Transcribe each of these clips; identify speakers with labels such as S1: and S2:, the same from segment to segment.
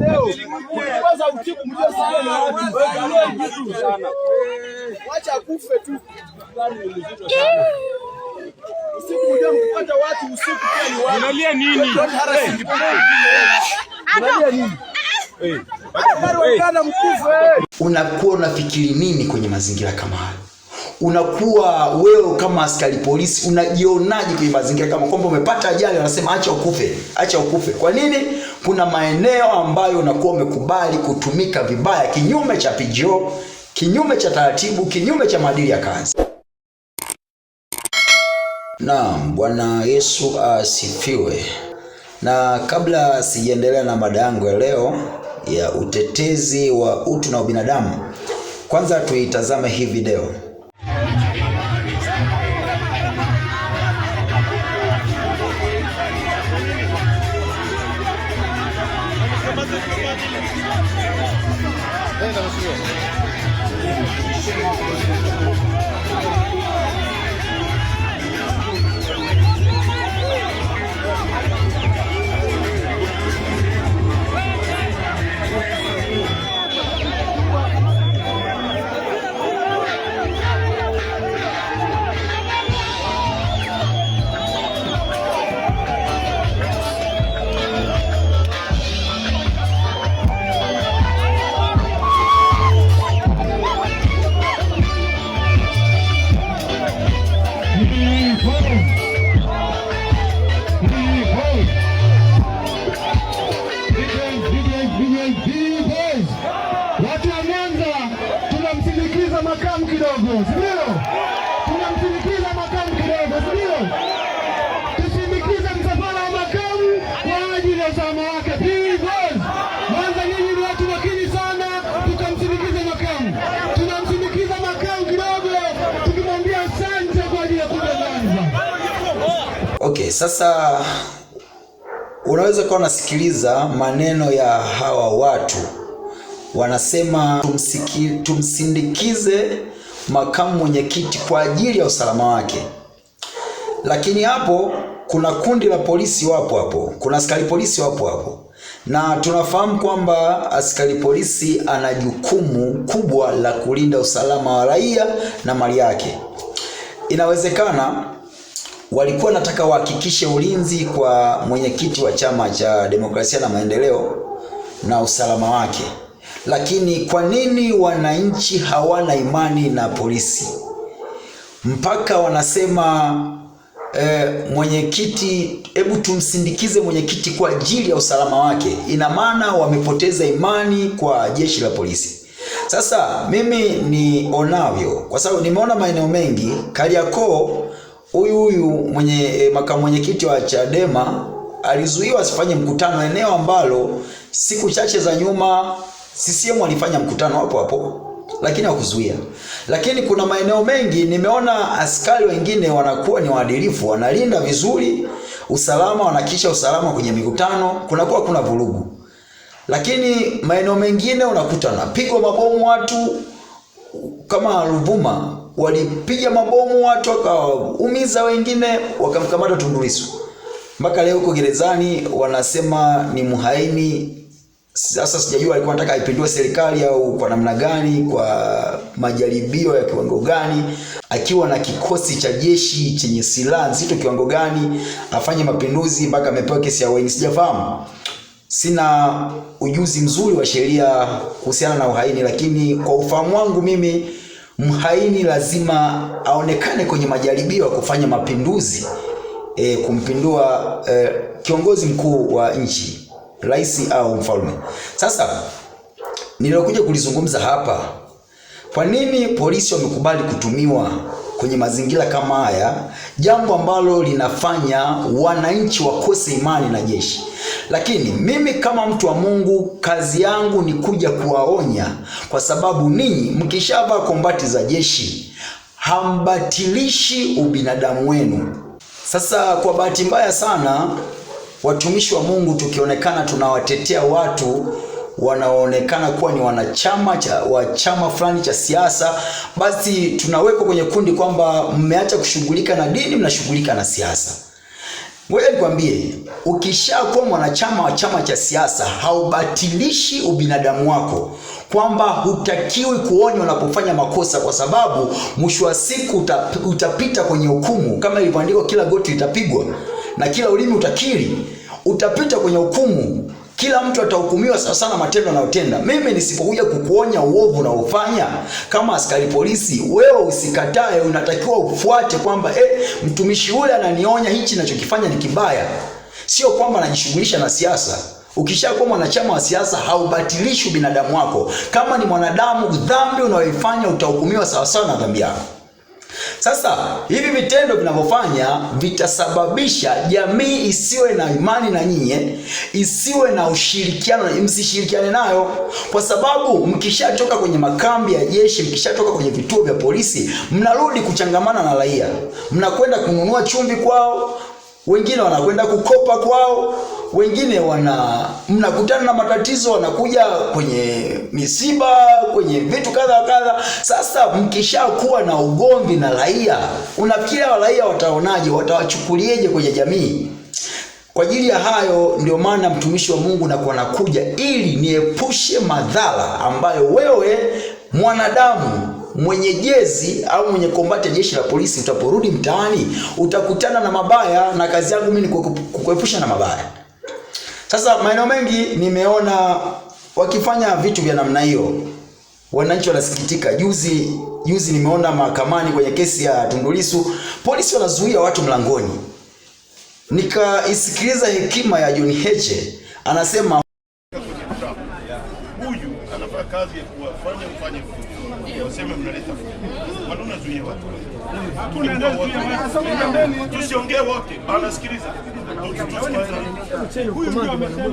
S1: leo kwanza sana Wacha kufe tu.
S2: Usiku watu usiku pia ni Unalia nini? Unalia nini?
S3: Unakuwa unafikiri nini kwenye mazingira kama hayo? unakuwa wewe kama askari polisi unajionaje kwenye mazingira kama kwamba umepata ajali, wanasema acha ukufe, acha ukufe. Kwa nini? Kuna maeneo ambayo unakuwa umekubali kutumika vibaya, kinyume cha PGO, kinyume cha taratibu, kinyume cha maadili ya kazi. Naam, Bwana Yesu asifiwe. Na kabla sijaendelea na mada yangu ya leo ya utetezi wa utu na ubinadamu, kwanza tuitazame hii video. 何楽しみよ Sasa unaweza kuwa unasikiliza maneno ya hawa watu wanasema, tumsiki, tumsindikize makamu mwenyekiti kwa ajili ya usalama wake, lakini hapo kuna kundi la polisi wapo hapo, kuna askari polisi wapo hapo, na tunafahamu kwamba askari polisi ana jukumu kubwa la kulinda usalama wa raia na mali yake. Inawezekana walikuwa nataka wahakikishe ulinzi kwa mwenyekiti wa Chama cha Demokrasia na Maendeleo na usalama wake, lakini kwa nini wananchi hawana imani na polisi mpaka wanasema e, mwenyekiti, hebu tumsindikize mwenyekiti kwa ajili ya usalama wake? Ina maana wamepoteza imani kwa jeshi la polisi. Sasa mimi nionavyo, kwa sababu nimeona maeneo mengi Kariakoo huyu huyu mwenye e, makamu mwenyekiti wa Chadema alizuiwa asifanye mkutano eneo ambalo siku chache za nyuma CCM walifanya mkutano hapo hapo, lakini hakuzuia. Lakini kuna maeneo mengi nimeona askari wengine wanakuwa ni waadilifu, wanalinda vizuri usalama, wanakisha usalama kwenye mikutano, kunakuwa kuna vurugu. Lakini maeneo mengine unakuta napigwa mabomu watu kama Ruvuma walipiga mabomu watu wakaumiza wengine, wakamkamata Tundu Lissu. Mpaka leo huko gerezani, wanasema ni mhaini. Sasa sijajua alikuwa anataka aipindue serikali au kwa namna gani, kwa majaribio ya kiwango gani, akiwa na kikosi cha jeshi chenye silaha nzito kiwango gani, afanye mapinduzi mpaka amepewa kesi ya uhaini? Sijafahamu, sina ujuzi mzuri wa sheria kuhusiana na uhaini, lakini kwa ufahamu wangu mimi mhaini lazima aonekane kwenye majaribio ya kufanya mapinduzi e, kumpindua e, kiongozi mkuu wa nchi, rais au mfalme. Sasa nililokuja kulizungumza hapa, kwa nini polisi wamekubali kutumiwa kwenye mazingira kama haya, jambo ambalo linafanya wananchi wakose imani na jeshi. Lakini mimi kama mtu wa Mungu, kazi yangu ni kuja kuwaonya, kwa sababu ninyi mkishavaa kombati za jeshi hambatilishi ubinadamu wenu. Sasa kwa bahati mbaya sana, watumishi wa Mungu tukionekana tunawatetea watu wanaonekana kuwa ni wanachama cha, wa chama fulani cha siasa, basi tunawekwa kwenye kundi kwamba mmeacha kushughulika na dini, mnashughulika na siasa. Ngoja nikwambie, ukishakuwa mwanachama wa chama cha siasa haubatilishi ubinadamu wako, kwamba hutakiwi kuonywa unapofanya makosa, kwa sababu mwisho wa siku utapita kwenye hukumu, kama ilivyoandikwa, kila goti litapigwa na kila ulimi utakiri. Utapita kwenye hukumu kila mtu atahukumiwa sana sana matendo anayotenda. Mimi nisipokuja kukuonya uovu unaofanya kama askari polisi, wewe usikatae, unatakiwa ufuate kwamba eh, mtumishi yule ananionya hichi ninachokifanya ni kibaya, sio kwamba anajishughulisha na siasa. Ukishakuwa mwanachama wa siasa haubatilishi ubinadamu wako. Kama ni mwanadamu, dhambi unayoifanya utahukumiwa sawasawa na dhambi yako. Sasa hivi vitendo vinavyofanya vitasababisha jamii isiwe na imani na nyinyi, isiwe na ushirikiano, msishirikiane nayo, kwa sababu mkishatoka kwenye makambi ya jeshi, mkishatoka kwenye vituo vya polisi, mnarudi kuchangamana na raia, mnakwenda kununua chumvi kwao wengine wanakwenda kukopa kwao, wengine wana mnakutana na matatizo, wanakuja kwenye misiba, kwenye vitu kadha kadha. Sasa mkishakuwa na ugomvi na raia, unafikiria wa raia wataonaje? Watawachukulieje kwenye jamii? Kwa ajili ya hayo ndio maana mtumishi wa Mungu nakuwa nakuja ili niepushe madhara ambayo wewe mwanadamu mwenye jezi au mwenye kombati ya jeshi la polisi, utaporudi mtaani utakutana na mabaya, na kazi yangu mimi ni kukuepusha na mabaya. Sasa maeneo mengi nimeona wakifanya vitu vya namna hiyo, wananchi wanasikitika. Juzi juzi nimeona mahakamani kwenye kesi ya Tundu Lissu polisi wanazuia watu mlangoni, nikaisikiliza hekima ya John Heche, anasema huyu anafanya kazi mnafanya useme mnaleta wala unazuia watu tusiongee wote banasikiliza huyu ndio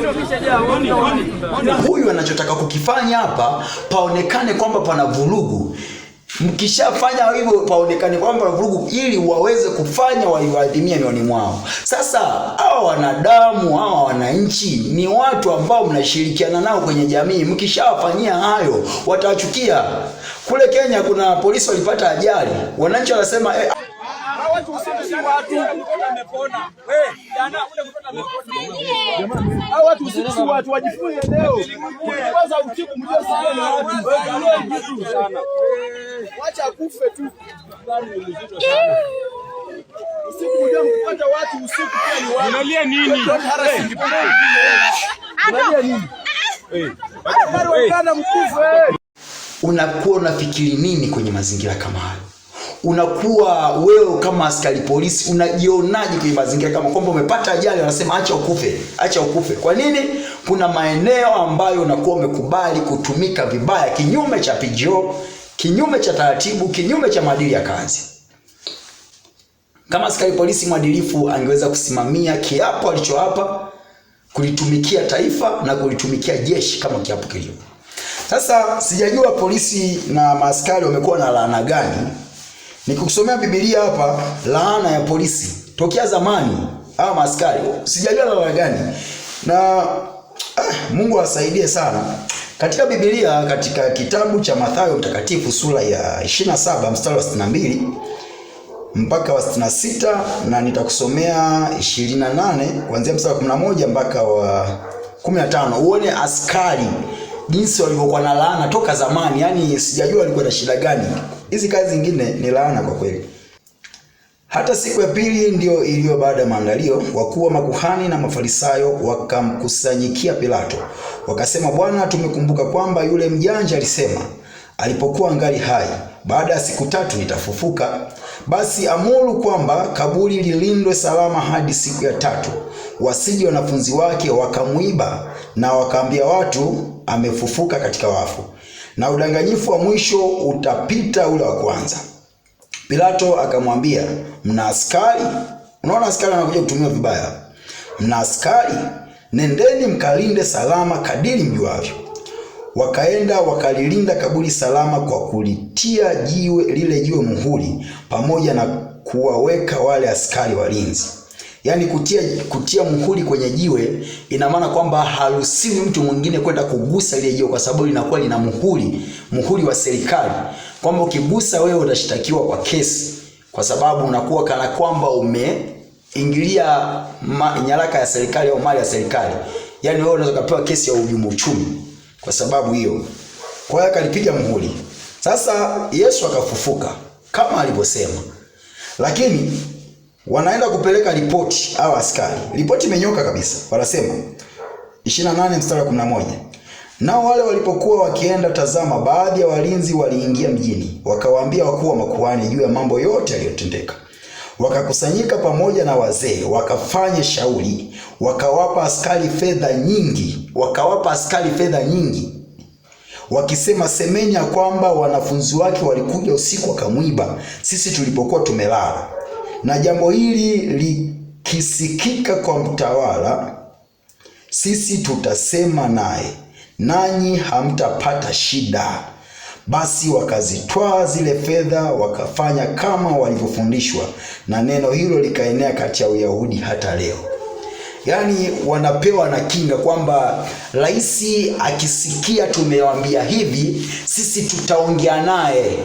S3: na yaani huyu anachotaka kukifanya hapa, paonekane kwamba pana vurugu. Mkishafanya hivyo paonekane kwamba vurugu, ili waweze kufanya waliwadhimia mioni mwao. Sasa hawa wanadamu hawa wananchi ni watu ambao mnashirikiana nao kwenye jamii. Mkishawafanyia hayo watachukia. Kule Kenya kuna polisi walipata ajali, wananchi wanasema eh, si watu amepona. Jana mtoto amepona. Hao watu si watu leo. Kwanza mjue sana. Wacha tu. Usiku mjue mpata watu usiku Unalia nini? Unalia nini? Eh. Unakuwa unafikiri nini kwenye mazingira kama haya? unakuwa wewe kama askari polisi unajionaje kwenye mazingira kama kwamba umepata ajali, wanasema acha ukufe, acha ukufe. Kwa nini? Kuna maeneo ambayo unakuwa umekubali kutumika vibaya, kinyume cha PGO, kinyume cha taratibu, kinyume cha maadili ya kazi. Kama askari polisi mwadilifu angeweza kusimamia kiapo alichoapa kulitumikia taifa na kulitumikia jeshi kama kiapo kilivyo. Sasa sijajua polisi na maaskari wamekuwa na laana gani Nikikusomea Biblia hapa, laana ya polisi tokea zamani, hawa maaskari sijajua laana gani, na ah, Mungu asaidie sana. Katika Biblia, katika kitabu cha Mathayo Mtakatifu sura ya 27 mstari wa 62 mpaka wa 66 na nitakusomea 28 kuanzia mstari wa 11 mpaka wa 15, uone askari jinsi walivyokuwa na laana toka zamani. Yani sijajua walikuwa na shida gani. Hizi kazi zingine ni laana kwa kweli. Hata siku ya pili ndiyo iliyo baada ya maandalio, wakuu wa makuhani na Mafarisayo wakamkusanyikia Pilato, wakasema, Bwana, tumekumbuka kwamba yule mjanja alisema alipokuwa angali hai, baada ya siku tatu nitafufuka. Basi amuru kwamba kaburi lilindwe salama hadi siku ya tatu, wasije wanafunzi wake wakamwiba na wakaambia watu, amefufuka katika wafu na udanganyifu wa mwisho utapita ule wa kwanza. Pilato akamwambia, mna askari. Unaona, askari anakuja kutumiwa vibaya. Mna askari, nendeni mkalinde salama kadiri mjuavyo. Wakaenda wakalilinda kaburi salama kwa kulitia jiwe lile jiwe muhuri, pamoja na kuwaweka wale askari walinzi. Yaani kutia, kutia mhuri kwenye jiwe ina maana kwamba haruhusiwi mtu mwingine kwenda kugusa ile jiwe, kwa sababu linakuwa lina muhuri, muhuri wa serikali, kwamba ukigusa wewe utashitakiwa kwa kesi, kwa sababu unakuwa kana kwamba umeingilia nyaraka ya serikali au mali ya serikali. Yaani wewe unaweza kupewa kesi ya uhujumu uchumi kwa sababu hiyo. Kwa hiyo akalipiga muhuri. Sasa Yesu akafufuka kama alivyosema, lakini wanaenda kupeleka ripoti au askari, ripoti imenyoka kabisa, wanasema 28 mstari wa 11, nao wale walipokuwa wakienda, tazama, baadhi ya walinzi waliingia mjini, wakawaambia wakuu wa makuhani juu ya mambo yote yaliyotendeka. Wakakusanyika pamoja na wazee, wakafanya shauri, wakawapa askari fedha nyingi, wakawapa askari fedha nyingi wakisema semeni ya kwamba wanafunzi wake walikuja usiku wakamwiba, sisi tulipokuwa tumelala na jambo hili likisikika kwa mtawala, sisi tutasema naye, nanyi hamtapata shida. Basi wakazitwaa zile fedha wakafanya kama walivyofundishwa, na neno hilo likaenea kati ya Uyahudi hata leo yani wanapewa na kinga kwamba rais akisikia tumewambia hivi, sisi tutaongea naye,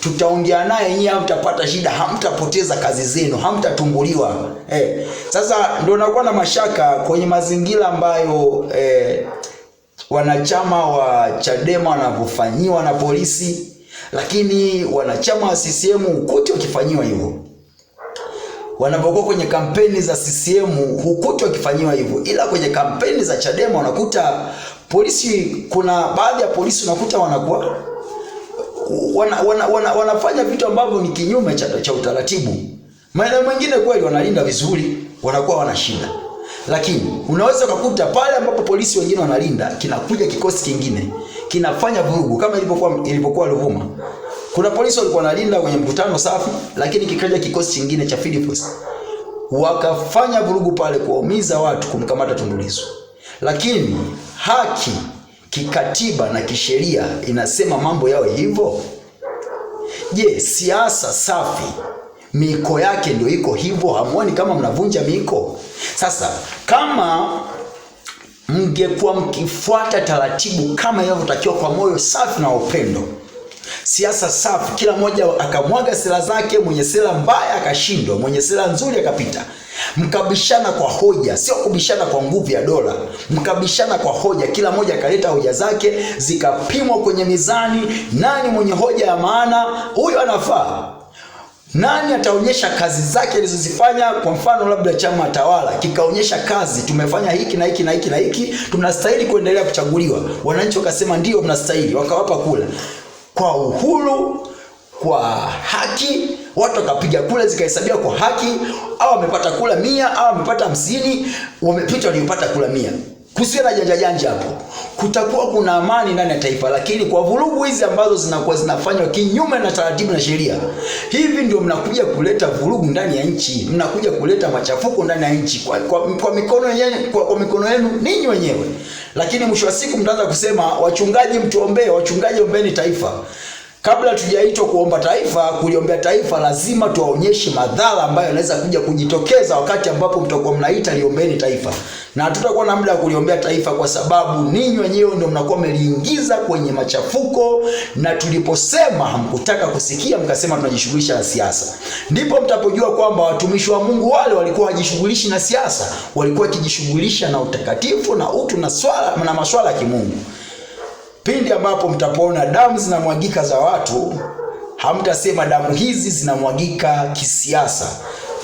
S3: tutaongea naye, nyinyi hamtapata shida, hamtapoteza kazi zenu, hamtatumbuliwa. Eh, sasa ndio nakuwa na mashaka kwenye mazingira ambayo eh, wanachama wa Chadema wanavyofanyiwa na polisi, lakini wanachama wa CCM ukuti wakifanyiwa hivyo wanapokuwa kwenye kampeni za CCM hukuti wakifanyiwa hivyo, ila kwenye kampeni za Chadema unakuta polisi, kuna baadhi ya polisi unakuta wanakuwa wana, wana, wana, wanafanya vitu ambavyo ni kinyume cha, cha utaratibu. Maeneo mengine kweli wanalinda vizuri, wanakuwa wanashinda, lakini unaweza ukakuta pale ambapo polisi wengine wanalinda, kinakuja kikosi kingine kinafanya vurugu kama ilivyokuwa ilivyokuwa Ruvuma. Kuna polisi walikuwa wanalinda kwenye mkutano safi, lakini kikaja kikosi chingine cha Field wakafanya vurugu pale, kuwaumiza watu, kumkamata Tundu Lissu. Lakini haki kikatiba na kisheria inasema mambo yao hivyo. Je, siasa safi miiko yake ndio iko hivyo? Hamuoni kama mnavunja miiko? Sasa kama mngekuwa mkifuata taratibu kama inavyotakiwa kwa moyo safi na upendo siasa safi, kila mmoja akamwaga sera zake, mwenye sera mbaya akashindwa, mwenye sera nzuri akapita. Mkabishana kwa hoja, sio kubishana kwa nguvu ya dola. Mkabishana kwa hoja, kila mmoja akaleta hoja zake, zikapimwa kwenye mizani. Nani mwenye hoja ya maana, huyo anafaa nani ataonyesha kazi zake alizozifanya. Kwa mfano, labda chama tawala kikaonyesha kazi, tumefanya hiki na hiki na hiki na hiki, tunastahili kuendelea kuchaguliwa. Wananchi wakasema ndio mnastahili, wakawapa kula kwa uhuru, kwa haki, watu wakapiga kura zikahesabiwa kwa haki, au wamepata kura mia au wamepata hamsini, wamepita waliopata kura mia kusiwe na janja janja hapo, kutakuwa kuna amani ndani ya taifa. Lakini kwa vurugu hizi ambazo zinakuwa zinafanywa kinyume na taratibu na sheria, hivi ndio mnakuja kuleta vurugu ndani ya nchi, mnakuja kuleta machafuko ndani ya nchi kwa, kwa, kwa mikono yenu, kwa, kwa mikono yenu ninyi wenyewe. Lakini mwisho wa siku mtaanza kusema wachungaji, mtuombee. Wachungaji, ombeni taifa. Kabla tujaitwa kuomba taifa, kuliombea taifa, lazima tuwaonyeshe madhara ambayo yanaweza kuja kujitokeza wakati ambapo mtakuwa mnaita liombeni taifa na hatutakuwa na muda wa kuliombea taifa, kwa sababu ninyi wenyewe ndio mnakuwa mmeliingiza kwenye machafuko, na tuliposema hamkutaka kusikia, mkasema tunajishughulisha na siasa, ndipo mtapojua kwamba watumishi wa Mungu wale walikuwa hajishughulishi na siasa, walikuwa wakijishughulisha na utakatifu na utu na swala na maswala ya kimungu. Pindi ambapo mtapoona damu zinamwagika za watu, hamtasema damu hizi zinamwagika kisiasa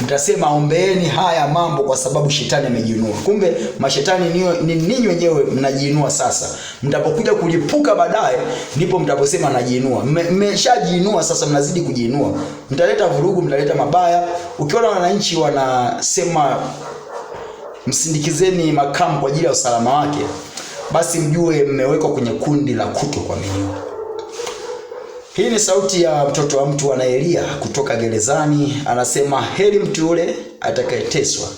S3: mtasema ombeeni haya mambo kwa sababu shetani amejiinua. Kumbe mashetani ni ninyi wenyewe mnajiinua. Sasa mtapokuja kulipuka baadaye, ndipo mtaposema najiinua. Mmeshajiinua sasa, mnazidi kujiinua, mtaleta vurugu, mtaleta mabaya. Ukiona wananchi wanasema msindikizeni makamu kwa ajili ya usalama wake, basi mjue mmewekwa kwenye kundi la kutokuaminiwa. Hii ni sauti ya mtoto wa mtu anayelia kutoka gerezani, anasema heri mtu yule atakayeteswa,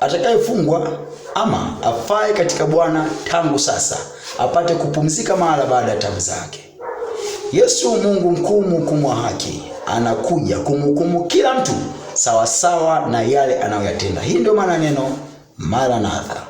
S3: atakayefungwa ama afae katika Bwana tangu sasa, apate kupumzika mahala baada ya tabu zake. Yesu Mungu mkuu, mhukumu wa haki, anakuja kumhukumu kila mtu sawasawa na yale anayoyatenda. Hii ndio maana neno Maranatha.